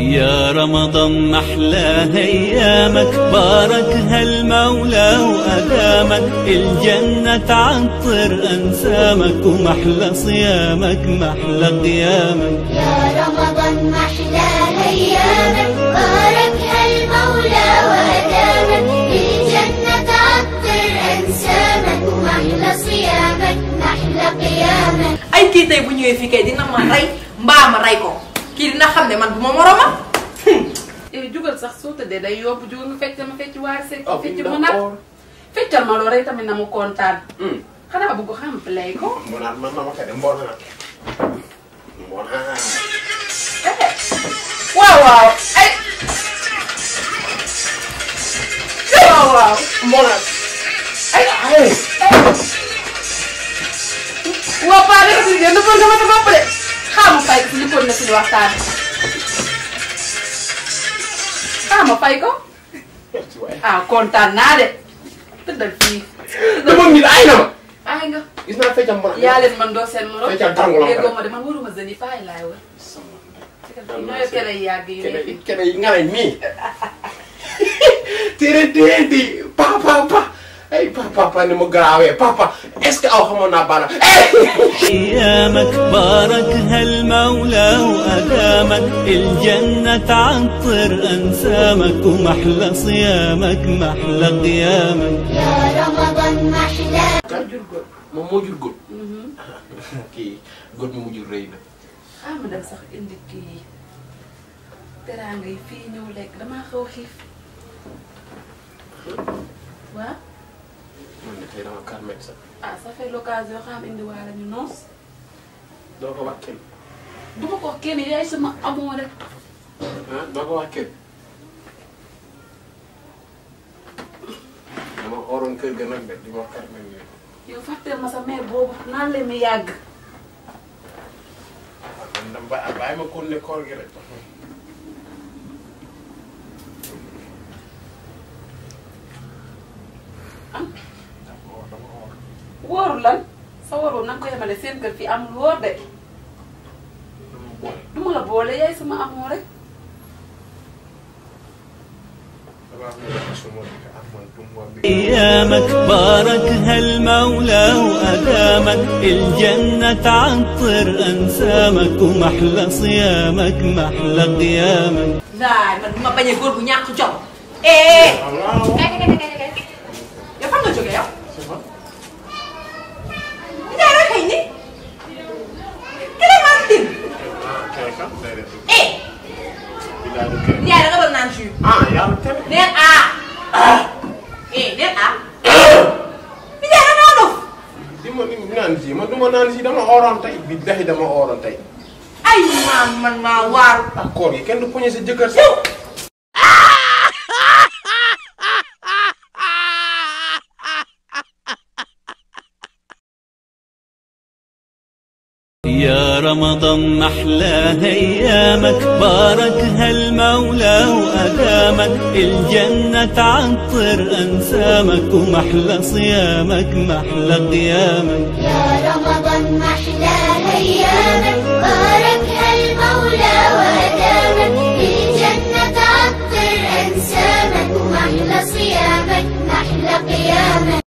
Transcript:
يا رمضان محلى ايامك بارك هالمولى وادامك الجنة تعطر انسامك ومحلى صيامك محلى قيامك يا رمضان محلى ايامك بارك هالمولى وادامك الجنة تعطر انسامك ومحلى صيامك محلى قيامك اي كده bu ñëwee fi kay dina ma rey mbaa ma rey ko kii dina xam ne man bu ma moromam. Eh, jugal sax soo tëddee day yóbbu jugal mu fecc ma fecc waar seet. Oh, fecc mu nag feccal ma loolu rek tamit na mu kontaan. Hmm. xanaa bëgg xam lay ko. mu naan man ma ma ko de mboona nag mboona. Eh, waaw waaw ay. Eh. waaw waaw mboona. ay ay. waaw paa dafa si ne dafa dafa dafa jëfoon na si waxtaan ah ma fay ko ah kontaan naa de tëddal fii. te moom mi ay na ma. yaa leen man doo seen morom fecc am tàngoor déggoo ma de man waruma zëni paay laay war. ñooy kene yi yàgg yi. kene yi nga ne nii. téere dee di pa ay papa papa ni mu garaawee papa est ce que aw xamoon naa baana قيامك باركها المولى وأدامك الجنة تعطر أنسامك ومحلى صيامك محلى قيامك يا رمضان محلى kan jur góor moom moo jur góor kii góor bi mu jur rëy na ah ma dem sax indi kii teraanga yi fii ñëw lekk damaa xaw xiif hmm? waaw tey dama kaar mel sax. ah ça fait l'occasion xam indiwaale ñu noos. doo ko wax kenn. du ma ko wax kenn yaay sama amoo rek. ah doo ko wax kenn. dama oroon kër ga nag de di mi yàgg. Ah, wóorul lan sa wóorul na nga ko yemale seen kër fii amul wóor de. du ma la boole sama amoo rek. ma bañ a góor eh. Ndiaye da nga doon naan jus. ah yàlla tamit. neen ah. eh neen ah. Ndiaye da ngaa dof. di ma ni naan jus ma du ma dama ooroon tey. bi dama ooroon tey. ay maam man waar. ak koor gi kenn du poñe sa jëkkër sa. رمضان محلاه ايامك باركها المولى وادامك الجنة تعطر انسامك ومحلى صيامك محلى قيامك يا رمضان محلاه ايامك بارك